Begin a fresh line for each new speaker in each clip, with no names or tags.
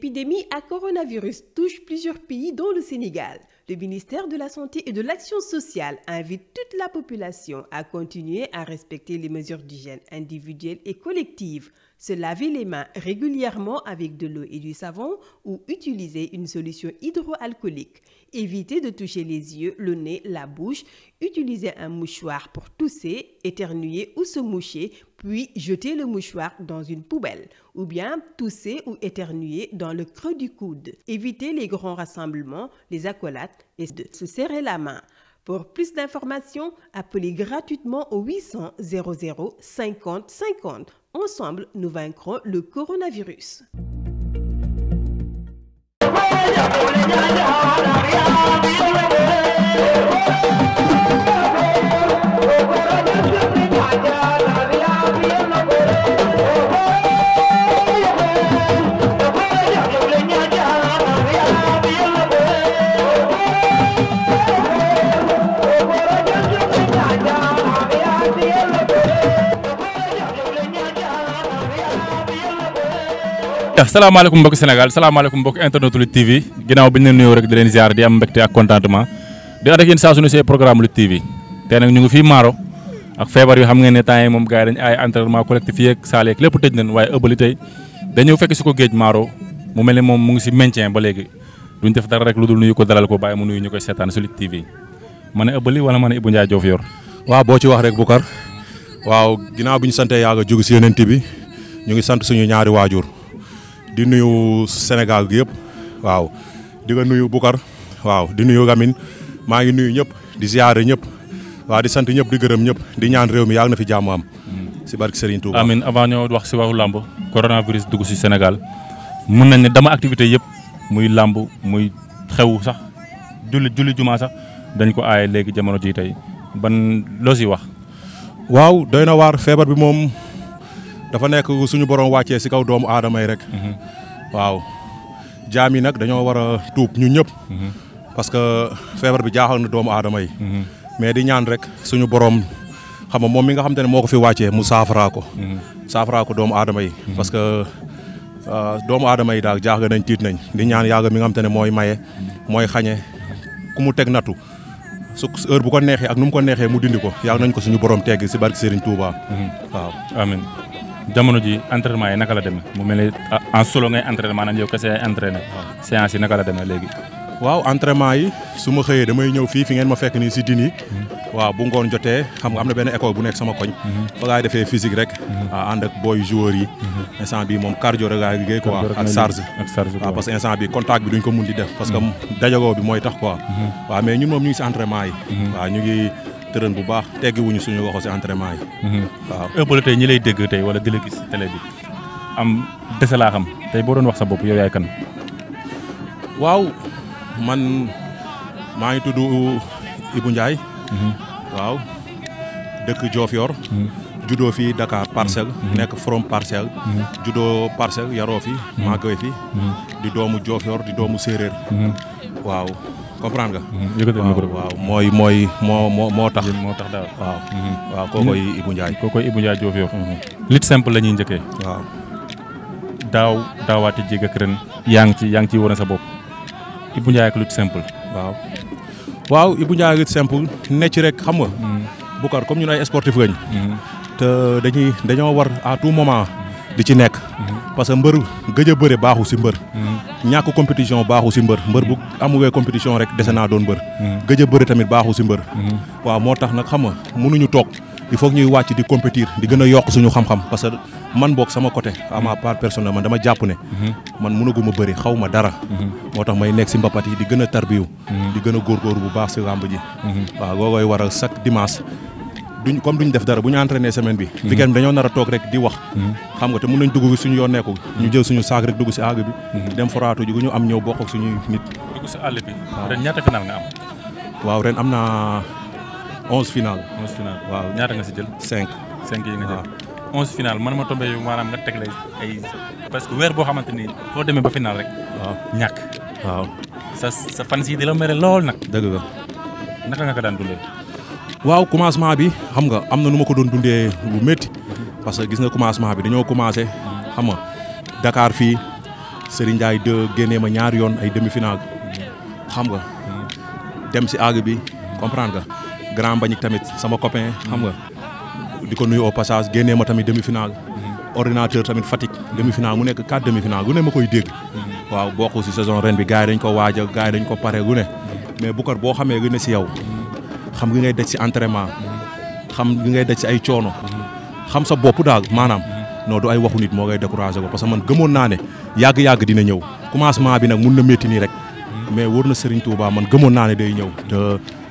L'épidémie à coronavirus touche plusieurs pays dont le Sénégal. Le ministère de la Santé et de l'Action sociale invite toute la population à continuer à respecter les mesures d'hygiène individuelles et collectives, se laver les mains régulièrement avec de l'eau et du savon ou utiliser une solution hydroalcoolique. Évitez de toucher les yeux, le nez, la bouche. Utilisez un mouchoir pour tousser, éternuer ou se moucher, puis jetez le mouchoir dans une poubelle. Ou bien tousser ou éternuer dans le creux du coude. Évitez les grands rassemblements, les accolades et de se serrer la main. Pour plus d'informations, appelez gratuitement au 800 00 50 50. Ensemble, nous vaincrons le coronavirus. भोले जल हमारा
Eh, salaamaaleykum mbokk Sénégal salaamaaleykum mbokk internet Lutte TV ginnaaw bi ñu leen nuyoo rek di leen ziar di am mbégte ak contentement di ànd ak yéen programme Lutte TV tey nag ñu ngi fii Maaro ak feebar yi xam ngeen ne temps yi moom gars yi dañu ay entraînement collectif yeeg saal yeeg lépp tëj nañ waaye ëbbali tey dañu fekk si ko géej Maaro mu mel ne moom mu ngi si maintien ba léegi duñ def dara rek lu dul nuyu ko dalal ko baay mu nuyu ñu koy seetaan si Lutte TV ma ne ëbbali wala ma ne Ibou Ndiaye Diouf yor waaw boo ci wax rek
Boucar waaw ginnaaw bi ñu santee yàlla jóg si yeneen bi ñu ngi sant suñu ñaari waajur di nuyu Sénégal gi yëpp waaw di nga nuyu Bukar waaw di nuyu Lamine maa ngi nuyu ñëpp di ziare ñëpp waaw di sant ñëpp di gërëm ñëpp di ñaan réew mi yàlla na fi jàmm am. si barke Serigne Touba. amiin
avant ñoo wax si waxu làmb coronavirus dugg si Sénégal mun nañ ne dama activité yëpp muy làmb muy xew sax julli julli jumaa sax dañ ko aaye léegi jamono jii tey ban loo si wax.
waaw doy na waar feebar bi moom. dafa nekk suñu borom wàccee si kaw doomu aadama yi rek. Mhm. waaw jaam yi nag dañoo war a tuub ñu ñëpp. Mhm. parce que feebar bi jaaxal na doomu aadama yi. Mhm. mais di ñaan rek suñu boroom xam nga moom mi nga xam te ne moo ko fi wàccee mu saafaraa ko. saafaraa ko doomu aadama yi. parce que ah, doomu aadama yi daal jaaxle nañ tiit nañ di ñaan yàgg mi nga xam te ne mooy maye mooy xañe ku mu teg nattu. su heure bu ko neexee ak nu mu ko neexee mu dindi ko yàgg nañ ko suñu borom teg si barke Serigne Touba.
waaw amiin. jamono ji entraînement yi naka la demee mu mel ni ah, en solo ngay entraîné maanaam yow kese naka la demee léegi.
waaw entraînement yi su ma xëyee damay ñëw fii fi ngeen ma fekk nii si dini na benn école bu nekk sama koñ. Mhm. fa laay defee physique rek. waaw mhm. ah, ànd booy joueurs yi. Mhm. bi moom cardio rek laay liggéey quoi ak charge. ak charge waaw parce bi contact bi duñ ko mun di def. parce que dajaloo bi mooy tax quoi. waaw mais ñun moom ñu si entraînement yi. waaw ñu ngi. tërën bu baax teggi suñu waxo si entraînement yi. Mhm. waaw ëppale tey ñi lay dégg tey wala di la gis si bi am
dese laa tey boo doon wax sa bopp yow yaay kan.
waaw man maa ngi tudd Ibou Ndiaye. Mhm. waaw dëkk Diofior. Mhm. juddoo fii dakaar parcelle. nekk from parcelle. juddoo parcelle yaroo fi. màggee fi. di doomu Diofior di doomu séeréer. waaw. comprendre nga. Mhm. waaw mooy mooy moo moo moo tax. moo tax daal waaw. Mhm.
waaw kookoy Ibou Ndiaye. kookoy Ibou Ndiaye Diouf yow. Mhm. simple la ñuy njëkkee. waaw daaw daawaati jéeg ak ren. yaa ngi ci yaa ngi ciy wane sa bopp. Ibou Ndiaye ak lutte simple.
waaw waaw Ibou Ndiaye ak simple ne rek xam nga. Boucar comme ñun ay sportif lañ. te dañuy dañoo war à tout moment. di ci nekk. parce que mbër gëj a bëre baaxu si mbër. ñàkk compétition baaxu si mbër mbër bu amuwee compétition rek dese naa doon mbër. gëj a bëre tamit baaxu si mbër. waaw moo tax nag xam nga mënuñu toog il faut ñuy wàcc di compétir di gën a yokk suñu xam-xam parce que man boog sama côté. à ma part personnelle man dama jàpp ne. man mënaguma bëri xaw ma dara. moo tax may nekk si mbapat yi di gën a tarbiw. di gën a góorgóorlu bu baax si làmb ji. waaw waral chaque duñ comme duñ def dara bu ñu entraîné semaine bi hmm. weekend bi dañoo nar toog rek di wax hmm. xam nga te mën nañ dugg suñu yoon nekku hmm. ñu jël suñu saak rek dugg si àgg bi dem foraatu ji ñu am ñëw bokk ak suñuy nit
dugg si àll bi ren ñaata final nga
waaw ren am na onze final onze final waaw ñaata nga si jël cinq cinq yi nga jël
onze man ma tombé yu maanaam nga teg lay ay parce que weer boo xamante ni foo demee ba final rek waaw ñàkk waaw sa sa fan si di
la mere lool nag dëgg la naka nga ko daan dundee waaw commencement bi xam nga am na nu ma ko doon dundee lu métti parce que gis nga commencement bi dañoo commencé xam nga dakaar fii Serigne Ndiaye de génnee ma ñaari yoon ay demi-finale xam nga dem si àgg bi comprendre nga grand Mbagnick tamit sama copain xam nga di ko nuyu au passage génnee ma tamit demi-finale ordinateur tamit Fatick demi-finale mu nekk quatre demi-finale gu ne ma koy dégg waaw ko si saison ren bi gars yi dañ ko waaj a gars dañ ko pare gu ne mais Boucar boo xamee gën si yow xam nga ngay daj si entraînement xam gi ngay daj si ay coono xam sa bopp daal maanaam noo du ay waxu nit moo ngay découragé ko parce man gëmoon naa ne yàgg-yàgg dina ñëw commencement bi nag mun na métti nii rek mais wóor na Serigne Touba man gëmoon naa ne day ñëw te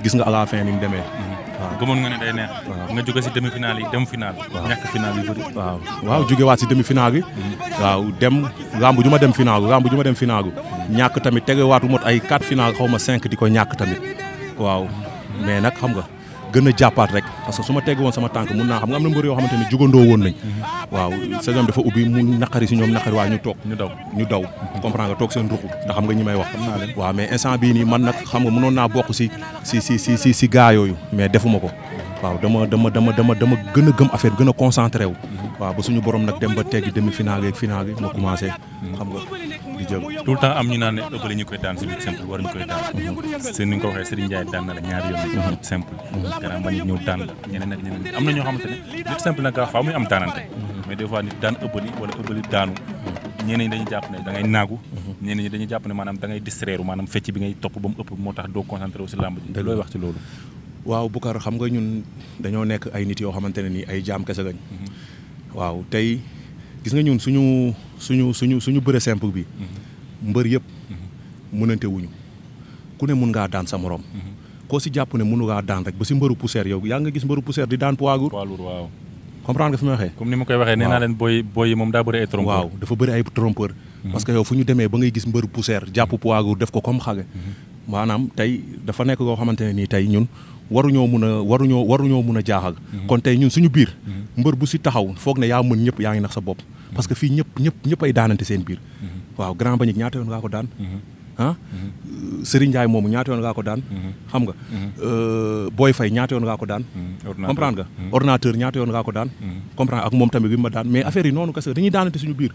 gis nga à la fin ni mu demee
waaw nga ne day neex nga jóge si demi final yi dem final
ñàkk final yu bëri waaw waaw waat si demi final yi mm-hmm. waaw dem lamb ju ma dem finaalu lamb ju ma dem finaalu mm-hmm. ñàkk tamit tegewaatu mot ay 4 final xaw ma 5 di ko ñàkk tamit waaw mais nag xam nga gën jàppaat rek parce que su ma tegg woon sama tànk mun naa xam nga am na mbër yoo xamante ni jugandoo woon nañ waaw saison dafa ubbi si ñoom naqari waaye ñu toog ñu daw ñu daw comprendre nga toog seen ruqu xam nga ñi may wax waaw mais instant bii nii man nag xam nga mënoon naa bokk si si si si si si gaa yooyu mais defuma ko waaw dama dama dama dama dama gën a gëm affaire gën a concentré wu mhm. waaw ba suñu borom nag dem ba teg demi final yeeg final yi ma commencé mhm. xam nga di jóg
tout am ñu naan ne ëppale ñu koy daan si biir simple waruñu koy daan seen ni nga ko waxee Serigne Ndiaye daan na la ñaari yoon simple garaa mbañit ñëw daan la ñeneen ak ñeneen nit simple jàpp ne da naagu ñeneen ñi dañuy jàpp ne maanaam da ngay maanaam fecc bi ngay topp ba ëpp
moo tax doo concentré si làmb ji looy wax ci loolu waaw Boucar xam nga ñun dañoo nekk ay nit yoo xamante ne nii ay jaam kese lañ mhm. waaw tey gis nga ñun suñu ñu suñu suñu bëre simple bi mhm. mbër yëpp mhm. mënante wuñu ku ne mun ngaa daan sa morom mhm. koo si jàpp ne mënu ngaa daan rek ba si mbëru poussière yow yaa nga gis mbëru poussière di daan poids lourd waaw comprendre nga comme ni ma koy waxee nee naa leen booy booy yi moom daa bëri ay trompeur waaw parce que yow fu ñu demee ba ngay gis mbëru poussière jàpp poids lourd def ko comme xage maanaam tey dafa nekk goo xamante ne nii tey ñun waruñoo mun a waruñoo waruñoo mun a jaaxal kon tey ñun suñu biir mbër bu si taxaw foog ne yaa mun ñëpp yaa ngi nax sa bopp parce que fii ñëpp ñëpp ñëpp ay daanante seen biir mm-hmm. waaw grand bañik ñaata yoon ngaa ko daan mm-hmm. ah mm-hmm. Serigne Ndiaye moomu ñaata yoon ngaa ko daan xam nga euh, Boy Faye ñaata yoon ngaa ko daan comprendre nga ordinateur ñaata yoon ngaa ko daan comprendre ak moom tamit bi ma daan mais affaire yi noonu kese dañuy daanante ñu biir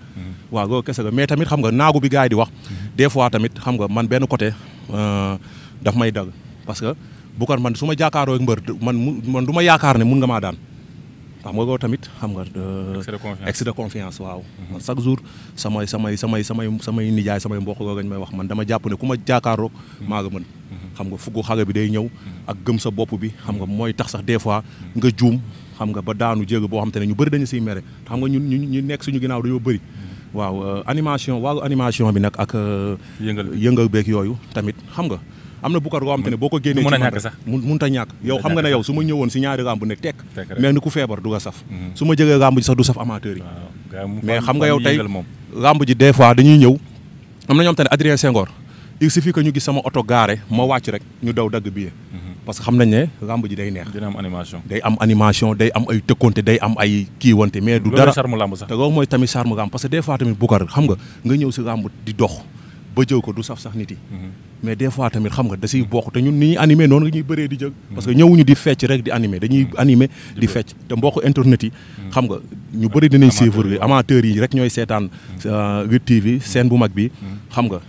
waaw loolu kese mais tamit xam nga naagu bi gars di wax des fois tamit xam nga man benn côté euh, daf may dagg parce que bu ko man su ma jàkkaaroo mbër man man du ma yaakaar ne mun nga maa daan xam nga ko tamit xam nga. Euh, excès de confiance waaw. Mhm. man chaque jour samay samay samay samay samay nijaay samay mbokk googañ may wax man dama jàpp ne ku ma jaakaaroo. Mhm. maa nga mën. Mhm. xam nga fukk xale bi day ñëw. ak gëm sa bopp bi xam nga mooy tax sax des fois nga juum xam nga ba daanu jéego boo xam te ne ñu bëri dañu siy mere xam nga ñun ñu nekk suñu ginnaaw dañoo bëri. waaw euh, animation waaw animation bi nag ak. Euh, yëngal yëngal beeg yooyu tamit xam nga. am na bukar goo xam te ne boo ko génnee mën a ñàkk sax a ñàkk yow xam nga ne yow su ma ñëwoon si ñaari ramb ne tekk mais ni ku feebar du nga saf mm-hmm. su ma jegee ramb ji sax du saf amateur xam nga yow tey ramb ji des fois dañuy ñëw am na ñoom te ne Adrien Senghor il suffit que ñu gis sama oto gaare ma wàcc rek ñu daw dagg billet mm-hmm. parce que xam nañ ne ramb ji day neex. animation day am animation day am ay tëkkonte day am ay kiiwante mais du dara loolu mooy charme lamb sax te loolu mooy tamit charme lamb parce que des fois tamit bukar xam nga nga ñëw si ba jëw ko du saf sax nit yi mhm. mais des fois tamit xam nga da siy bokk te ñun ni ñuy animé noonu ñuy bëree di jëg parce que ñëwuñu di fecc rek di animé dañuy mhm. animé di fecc te mbokk internet yi mhm. xam nga ñu bëri dinañ suivre amateurs yi rek ñooy seetaan 8TV euh, seen bu mag bi xam nga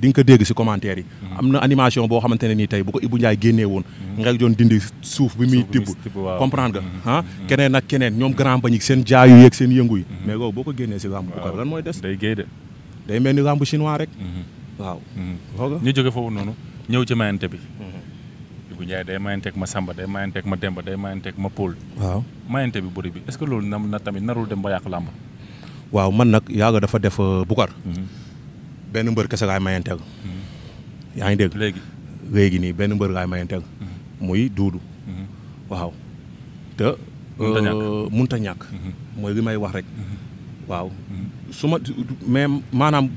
di nga ko dégg si commentaire yi am na animation boo xamante ne nii tey bu ko Ibou Ndiaye génnee woon nga doon dindi suuf bi muy tibb comprendre nga ah keneen ak keneen ñoom grand bañik seen jaayu yeeg seen yëngu yi mais boobu boo ko génnee si làmb lan mooy des day mel ni lambu chinois rek. Mhm. waaw. Mhm. ñu jóge foofu noonu ñëw ci mayante bi. Ibou
mhm. Ndiaye day mayanteeg ma Samba day mayanteeg ma Demba day mayanteeg ma Paul.
waaw bi bëri bi est-ce que loolu na tamit narul dem ba yàq làmb. waaw man nag yàlla dafa def euh, bukar benn mbër kese laay mayanteel. yaa ngi dégg léegi. léegi nii benn mbër laay mayanteel. muy duudu. waaw te. mënut a ñàkk. Euh, mooy li may wax rek. waaw su ma mais maanaam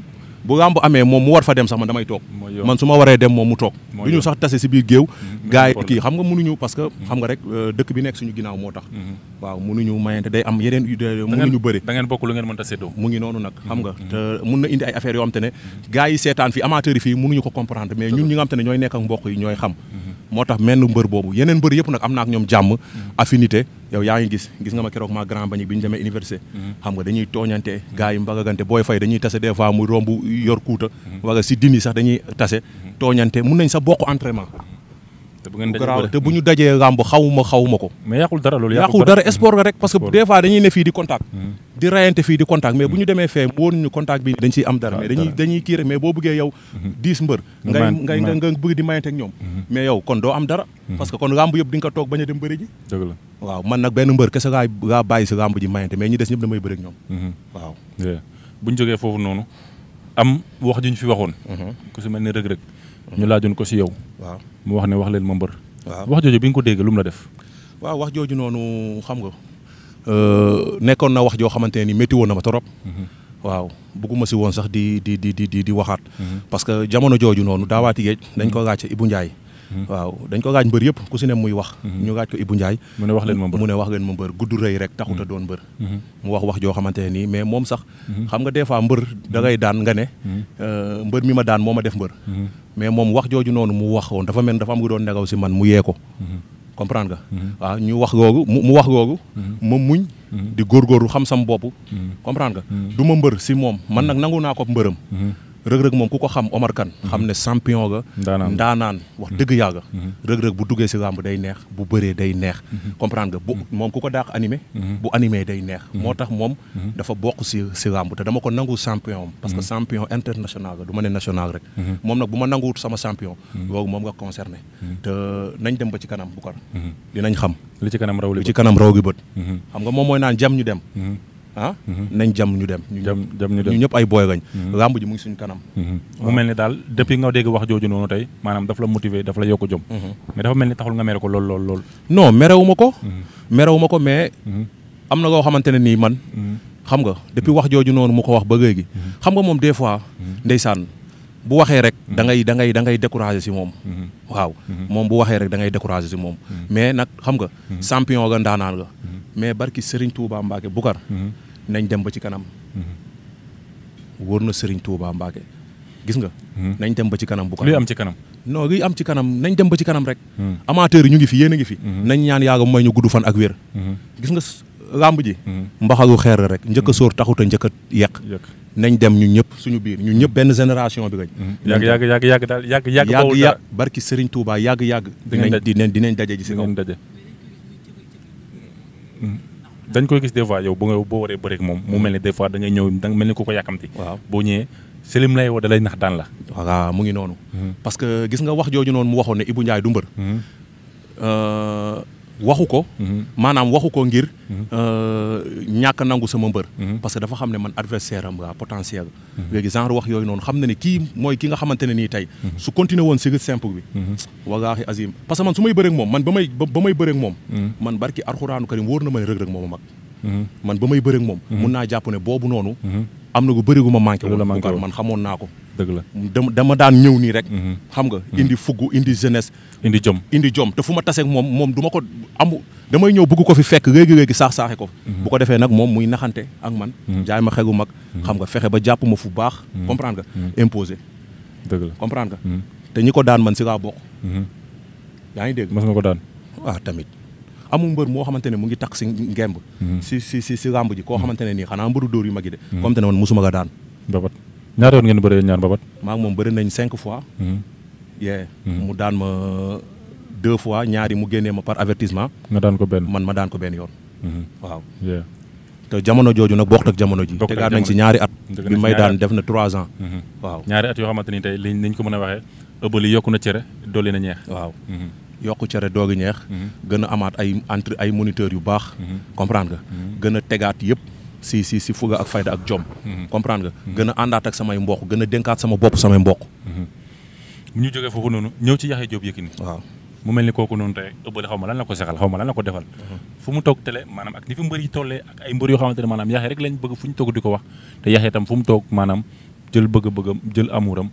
bu làmb amee moom mu war fa dem sax man damay toog man su waree dem moom mu toog du ñu sax tase si biir géew mm-hmm. gars yi kii xam nga mënuñu parce que mm-hmm. xam nga rek euh, dëkk bi nekk suñu ginnaaw moo tax mm-hmm. waaw mënuñu mayante day am yeneen mënuñu bëri da ngeen bokk lu ngeen mën mu ngi noonu nag xam nga te mun na indi ay affaires yoo xam te ne gars yi seetaan fi amateurs yi fii mënuñu ko comprendre mais ñun ñi nga ne ñooy nekk ak mbokk ñooy xam moo tax menn mbër boobu yeneen mbër yëpp nag am naa ak ñoom jàmm affinité yow yaa ngi gis gis nga ma keroog maa grand bañik bi ñu demee université mm-hmm. xam nga dañuy tooñante gars yi mbagagante booy fay dañuy tase des fois mu romb yor kuuta mm-hmm. waga si dini sax dañuy tase mm-hmm. tooñante mun nañ sa bokk entraînement te bu ngeen dajee bëri te bu ñu dajee làmb xawuma xawuma ko. mais yàqul dara loolu rek parce que des dañuy ne fii di contact. Hmm. di rayante fii di contact mais bu hmm. ñu demee fee woon ñu contact bi dañ ciy am dara ah, mais dañuy dañuy kii rek mais boo bëggee yow. di mayante ñoom. Hmm. mais yow kon doo am dara. parce que kon làmb yëpp di toog bañ a dem bëri ji. dëgg la waaw man nag benn mbër kese laa laa si làmb ji mayante mais ñi des ñëpp damay bëri ak ñoom. waaw.
bu ñu jógee foofu noonu am wax ju fi waxoon. ku si mel ni rëg-rëg ñu laajoon ko si yow.
waaw mu wax ne wax leen ma mbër. waaw wax jooju bi nga ko dégg lu mu la def. waaw wax jooju noonu xam nga. Euh, nekkoon na wax joo xamante ne ni métti woon na ma trop. Mhm. waaw bëgguma si woon sax di di di di di waxaat. Mhm. parce que jamono jooju noonu daawaati géej dañ ko laajte Ibou Ndiaye. Mhm. waaw dañ ko gaaj mbër yëpp ku si ne muy wax mhm. ñu gaaj ko Ibou Ndiaye mu ne wax leen ma mbër mu ne wax leen ma mbër gudd rëy rek taxut a mhm. doon mbër mu wax wax joo xamante ne nii mais moom sax xam nga des fois mbër da daan nga ne euh, mbër mi ma daan moo ma def mbër mais moom wax jooju noonu mu wax woon dafa mel dafa am nga doon negaw si man mu yee ko comprendre waaw ñu wax googu mu wax googu ma muñ di góorgóorlu xam sam bopp comprendre nga du ma mbër si moom man nag nangu naa ko mbërëm rëg-rëg moom ku ko xam Omar Kane mhm. xam ne champion ga ndaanaan wax mhm. dëgg yàgga mhm. rëg-rëg bu duggee si làmb day neex bu bëree day neex comprendre nga bu moom ku ko daax animé bu animé day neex moo tax moom dafa bokk si si làmb te dama ko nangu champion am parce que champion international la du ma ne national rek moom nag bu ma nanguwut sama champion loolu moom nga concerné te nañ dem ba ci kanam bu kar dinañ xam li ci kanam raw li ci kanam raw gi bët xam nga moom mooy naan jam ñu dem ah mhm. nañ jam ñu dem ñu dem ñu ñëpp ay booy lañ mhm. làmb ji mu ngi suñu kanam mhm. mu mel ni
daal depuis nga dégg wax jooju noonu tey maanaam daf la
motiver daf la yokk jom mais dafa mel ni taxul nga mere ko lool lool lool non merewu ma ma ko mais am na loo xamante ne nii man xam nga depuis wax jooju noonu mu ko wax ba léegi xam nga moom des fois ndeysaan bu waxee rek da ngay da ngay da ngay découragé si moom waaw moom bu waxee rek da ngay découragé si moom mais nag xam nga champion nga ndaanaan nga mais barki Serigne Touba Mbacke Boucar nañ dem ba ci kanam. wóor na sëriñ Touba Mbacke gis nga. Hmm. nañ dem ba ci kanam bu kanam luy am ci kanam. non am ci kanam nañ dem ba ci kanam rek. Hmm. amateur yi ñu ngi fi yéen a ngi fi. Hmm. nañ ñaan yaaga mooy ñu gudd fan ak wér. gis nga làmb ji. mbaxalu xeer rek njëkk soor sóor taxut a yàq. nañ dem ñu ñëpp suñu biir ñu ñëpp benn génération bi gañ yàgg yàgg yàgg yàgg daal yàgg yàgg bawul dara barki Serigne Touba yàgg yàgg. dinañ dinañ dinañ daje ji si kaw.
dañ koy gis des fois yow boo waree bëreek moom mu mel ne des fois da ngay ñëw da mel ni ku ko yàkkamti waaw
boo ñëwee selim lay woo nax daan la waaw mu ngi noonu mhm. parce que gis nga wax jooju noonu mu waxoon ne Ibou Ndiaye du mbër mhm. euh, waxu ko. Mhm. maanaam waxu ko ngir. Mhm. Euh, ñàkk nangu sama mbër. Mhm. parce que dafa xam ne man adversaire am la potentiel. léegi genre wax yooyu noonu xam na ne kii mooy ki nga xamante ne nii tey. su continuer woon si simple bi. wallaahi azim parce que man su may bëreeg moom man ba may ba may bëreeg moom. man barki arxuraanu karim wóor na ma ne rëg-rëg moom a man ba may bëreeg moom. mun naa jàpp ne boobu noonu. am na gu bëri gu ma manqué woon Boucar man xamoon naa ko dëgg la dama daan ñëw nii rek mhm. xam nga mhm. indi fugg indi jeunesse indi jom indi jom te fu ma taseeg moom moom duma ko amu damay ñëw bëgg ko fi fekk réegi-réegi saax-saaxe ko mhm. bu ko defee nag moom muy naxante ak man jaay ma xegu mag xam nga fexe ba jàppuma fu baax comprendre nga imposé dëgg la comprendre nga te ñi ko daan man si laa bokk yaa ngi dégg mas nga ko daan waaw ah, tamit amul mbër moo xamante ne mu ngi takk si ngemb mhm. si si ji koo mhm. xamante ne nii xanaa mbëru door yu mag yi de mhm. comme te ne man musuma ko daan
mbabat ñaata yoon ngeen bëree ñaar mbabat
nañ cinq fois yee mu daan ma deux fois ñaari mu génnee ma par avertissement nga daan ko benn man ma daan ko benn yoon waaw te jamono jooju nag bokkut ak jamono ji tegaat nañ si ñaari at bi may daan def na trois ans
waaw ñaari at yoo xamante ni tey liñ ko mën a waxee ëbbali yokku na cere dolli
na ñeex waaw yokku cere doogi ñeex mhm. gën a amaat ay entre ay moniteurs yu baax mhm. comprendre nga mhm. gën a tegaat yëpp si si si fuga ak fayda ak jom comprendre nga gën a ak samay mbokk gën a dénkaat sama bopp samay mbokk
ñu jógee foofu noonu ñëw ci Yaxya Jóob Yékini waaw mu mel ni kooku noonu tey ëbbale xaw ma lan la ko sexal xaw ma lan la ko defal fu mu toog télé maanaam ak ni fi mbër yi tollee ak ay mbër yoo xamante ne maanaam Yaxya rek lañ bëgg fu ñu toog di ko wax te Yaxya itam fu mu toog maanaam jël bëgg-bëggam jël amuuram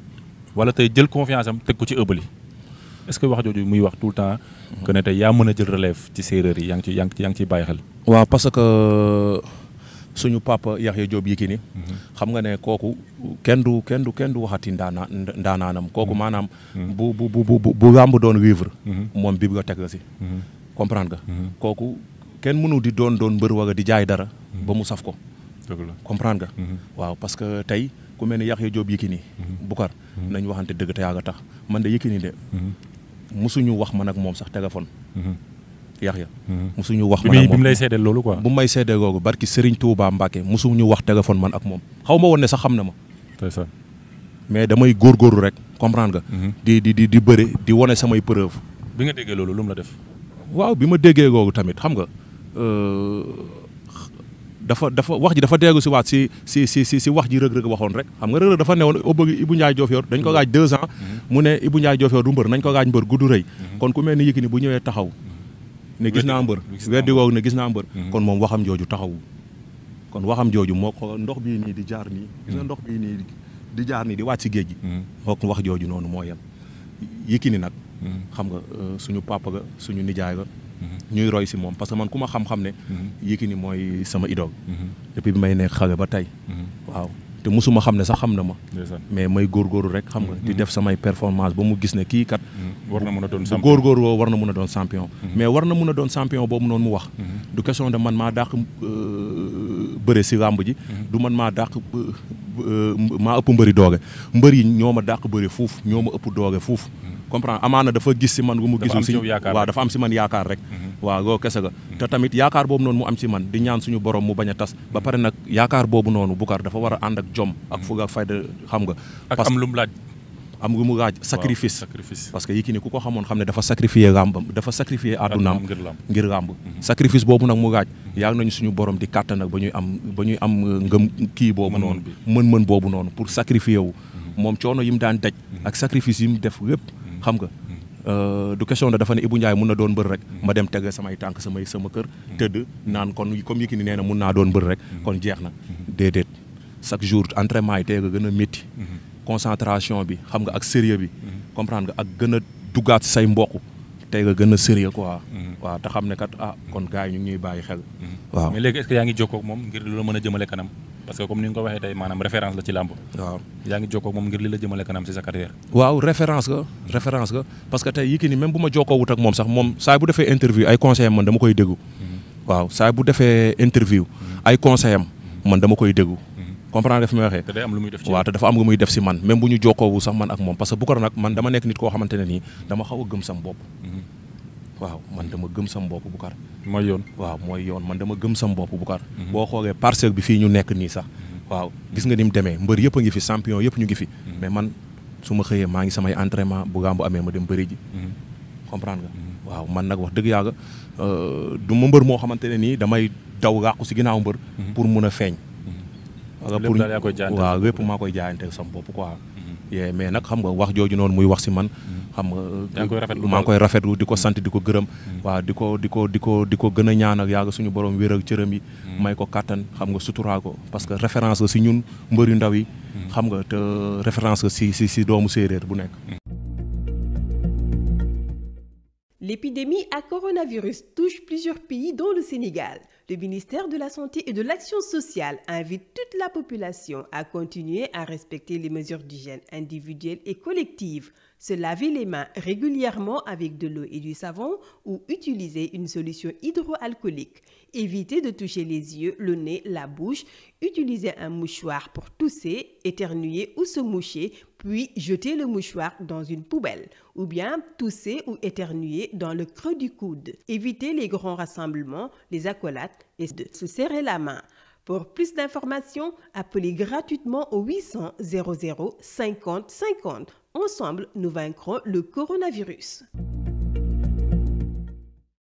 wala tey jël confiance am teg ko ci ëbbali est-ce que wax jooju muy wax tout le temps. que ne tey yaa mën a jël relève ci séeréer yi yaa ngi ci yaa ngi ci yaa ngi xel.
waaw parce que euh, suñu papa Yaxya Joob Yékini mhm. xam nga ne kooku kenn du kenn du kenn du waxati ndaanaa ndaanaanam kooku mhm. maanaam. Mhm. bu bu bu bu bu làmb doon vivre. moom bibliothèque la si. comprendre nga. kooku kenn mënu di doon doon mbër wala di jaay dara. ba mu saf ko. comprendre nga. waaw parce que tey ku mel ne Yaxya Joob Yékini Bukar nañ waxante dëgg te yaa nga tax man de Yékini de. musuñu wax man ak moom sax téléphone. Mhm. Yaxya mhm. musuñu wax man ak moom bi mu lay seedeel loolu quoi. bu may seedeel googu barki Serigne Touba Mbacke musuñu wax téléphone man ak moom xaw ma woon ne sax xam na ma. mais damay góor góoru rek comprendre nga. Mhm. di di di di bëri di wane samay preuve. bi nga déggee loolu lu mu la def. waaw bi ma déggee googu tamit xam nga. Euh, dafa dafa wax ji dafa deegu si waat si si si si si wax ji rëg-rëg waxoon rek xam nga rëg-rëg dafa newoon au bëgg Ibou Ndiaye Diofior dañ ko gaaj deux ans mm-hmm. mu ne Ibou Ndiaye Diofior du mbër nañ ko gaaj mbër gudd rëy mm-hmm. kon ku mel ni Yékini bu ñëwee taxaw ne gis naa mbër weddi woowu ne gis naa mbër mm-hmm. kon moom waxam jooju taxaw kon waxam jooju moo ko ndox bii nii di jaar nii gis ndox bii nii di jaar nii di wàcc si géej gi mook wax jooju noonu moo yem Yékini nag xam nga euh, suñu papa ga suñu nijaay ga Mm-hmm. ñuy roy si moom parce que man ku ma xam-xam ne mm-hmm. ni mooy sama idole mm-hmm. depuis bi may nekk xale ba tey waaw te musuma xam ne sax xam na ma mais may góorgóorlu rek xam nga di def samay performance ba mu gis ne kii kat war na mën a doon champion góorgóorlu woo war na mën a doon champion mais war na mën a doon champion boobu noonu mu wax du question de man maa dàq euh, bëre si làmb ji du man maa dàq euh, euh, maa ëpp mbëri dooge mbër yi ñoo ma dàq bëre fuuf ñoo ma ëpp dooge fuuf comprendre amaana dafa gis si man gu mu gisul si waaw dafa am si man yaakaar rek mhm. waaw loo kese ga te tamit yaakaar boobu noonu mu am si man di ñaan suñu borom mu bañ a tas ba pare nag yaakaar boobu noonu Boucar dafa war a ànd ak jom ak mhm. fulla ak fayda xam nga parce que lu mu laaj am lu mu laaj sacrifice parce que Yékini ku ko xamoon xam ne dafa sacrifier làmbam dafa sacrifier àddunaam ngir làmb mhm. sacrifice boobu nag mu laaj yàlla nañu suñu borom di kàttan ba ñuy am ba ñuy am uh, ngëm kii boobu noonu mën-mën boobu noonu pour sacrifier wu moom coono yim mu daan daj ak sacrifice yi mu def lépp xam nga mm. euh, du question de dafa ne Ibou Ndiaye mun na doon bëri rek mm. ma dem tege samay tànk samay sama kër mm. tëdd naan kon comme Yékini nee na mun naa doon mbër rek kon jeex na déedéet chaque jour entraînement yi tey nga gën a métti concentration bi xam nga ak sérieux bi comprendre nga ak gën a duggaat say mbokk tey nga gën a sérieux quoi waa te xam ne kat ah kon gars yi ñu ngi ñuy bàyyi xel
waaw mais léegi est-ce que yaa ngi jokkoo moom ngir lu la mën a jëmale kanam parce que comme ni nga ko waxee tey maanaam référence la ci làmb waaw yaa ngi jokkoo moom ngir li la jëmale
référence ga référence ga parce que tey Yékini même bu ma jokkoo ak moom sax moom saa bu defee interview ay conseil am man dama koy déggu mm-hmm. waaw saa bu defee mm-hmm. mm-hmm. waxee te dafa am lu muy def si man même bu ñu jokkoowu sax man ak moom parce que bu ko nag man dama nekk nit koo xamante nii dama xaw a gëm sam bopp waaw man dama gëm sam bopp Boucar mooy yoon waaw mooy yoon man dama gëm sam bopp Boucar mhm. boo xoolee parcelle bi fii ñu nekk nii sax mhm. waaw gis nga ni mu demee mbër yëpp a ngi fi champion yëpp ñu ngi fi mhm. mais man su ma xëyee maa ngi samay entraînement bu gaam bu amee ma dem bëri ji comprendre nga waaw man nag wax dëgg yàlla euh, du ma mbër moo xamante ne nii damay daw gàqu si ginnaaw mbër pour mun a feeñ waaw lépp maa koy yee mais nag xam nga wax jooju noonu muy wax si man xam nga maa ngi koy rafetlu di ko sant di ko gërëm mm. waaw di ko di ko ko di ko gën a ñaan ak yàgg suñu borom wér a cëram yi mm. may ko kàttan xam nga suturaa ko parce que référence si ñun mbër yu ndaw yi mm. xam nga te référence si doomu séeréer bu nekk
L'épidémie à coronavirus touche plusieurs pays dont le Sénégal. Le ministère de la Santé et de l'Action sociale invite toute la population à continuer à respecter les mesures d'hygiène individuelles et collectives, se laver les mains régulièrement avec de l'eau et du savon ou utiliser une solution hydroalcoolique, éviter de toucher les yeux, le nez, la bouche, utiliser un mouchoir pour tousser, éternuer ou se moucher puis jeter le mouchoir dans une poubelle ou bien tousser ou éternuer dans le creux du coude. Évitez les grands rassemblements, les accolades et de se serrer la main. Pour plus d'informations, appelez gratuitement au 800 00 50 50. Ensemble, nous vaincrons le coronavirus.